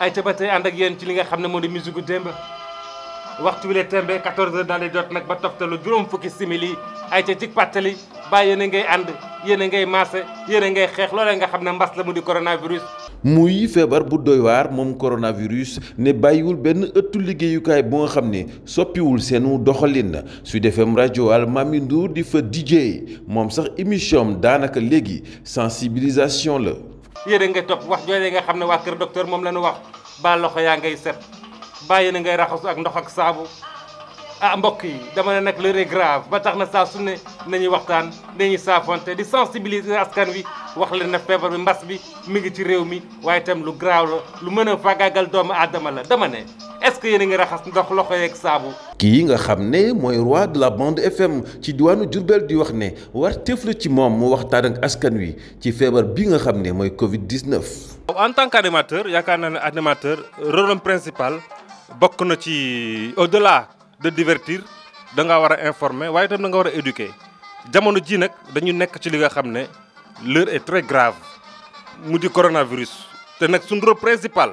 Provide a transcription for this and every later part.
ay ca ba tey ànd ak yéen ci li nga xam ne moo di waxtu wi la tembe 14h dans les dots, nag ba toftalu juróom fukki simili ay ca ci pàttali baa yéen a ngay ànd yéen a ngay maase yéen a ngay xeex loolee nga xam ne mbas la mu coronavirus. muy feebar bu doy waar moom coronavirus ne bàyyiwul benn ëttu liggéeyukaay bu nga xam ne soppiwul seenu doxalin Sud FM Radio al Mami Ndour di fa DJ moom sax émission am daanaka sensibilisation le. yéen a ngay topp wax jooju nga xam ne waa Kër Docteur moom la wax. ba loxo yaa ngay set bàyyi na ngay raxasu ak ndox ak saabu ah mbokk yi dama ne nag l'heure grave ba tax na saa ne nañuy waxtaan nañuy saafonte di sensibiliser askan bi wax leen na feebar bi mbas bi mi ngi ci réew mi waaye itam lu grave lu mën a faagaagal doomu aadama la dama ne est-ce que yéen a ngi raxas ndox loxo ki nga xamné moy roi de la bande FM ci diwaanu djourbel di wax né war teef la ci mom mu waxtaan ak askan wi ci feebar bi nga xamné moy Covid 19. en tant qu'animateur yaakaar animateur rôle principal bokk na ci au-delà de divertir da nga wara informer waye tam da nga wara éduquer jamono ji nak dañu nek ci li nga xamné ne l'heure est très grave mu di coronavirus te nag sun rôle principal.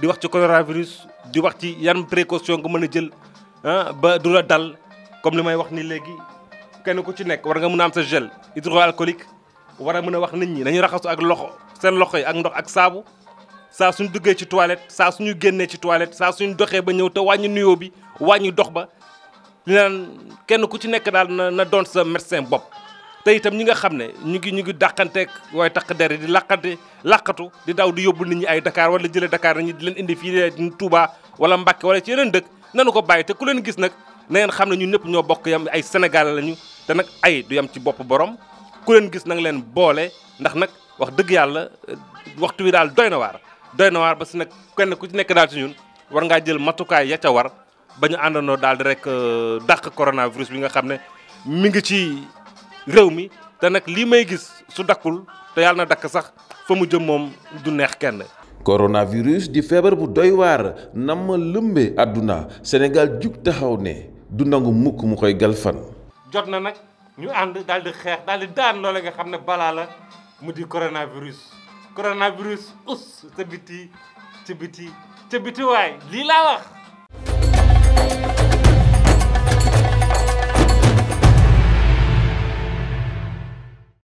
di wax ci coronavirus di wax ci yan précaution nga mën a jël ah ba du la dal comme li may wax ni léegi kenn ku ci nekk war nga mën a am sa gel hydroalcoolique war a mën a wax nit ñi nañu raxasu ak loxo seen loxo yi ak ndox ak saabu saa suñu duggee ci toilette saa suñu génnee ci toilette saa suñu doxee ba ñëw te wàññi nuyoo bi wàññi dox ba li naan kenn ku ci nekk daal na na doon sa médecin bopp te itam ñi nga xam ne ñu ngi ñu ngi dàqanteeg waaye takk der di làqante làqatu di daw di yóbbu nit ñi ay dakaar wala jële Dakar nañu di leen indi fii Touba wala Mbacke wala ci yeneen dëkk nanu ko bàyyi te ku leen gis nag na xam ne ñun ñëpp ñoo bokk yam ay Sénégal lañu te nag ay du ci bopp borom ku leen gis nag leen boole ndax nag wax dëgg yàlla waxtu wi daal doy na waar doy na waar ba si nag kenn ku ci nekk daal ci ñun war ngaa jël matukaay ya ca war ba ñu àndandoo daal di rek euh, dàq coronavirus bi nga xam ne mi ngi ci réew mi te nag lii may gis su dakkul te yàlla na dakk sax fa mu jëm moom du neex kenn. coronavirus di feebar bu doy waar na ma lëmbee àdduna senegal jug taxaw ne du nangu mukk mu koy galfan jot na nag ñu ànd daal di xeex daal daan loola nga xam ne balaa la mu di coronavirus coronavirus us ca biti ca biti ca biti waay lii laa wax.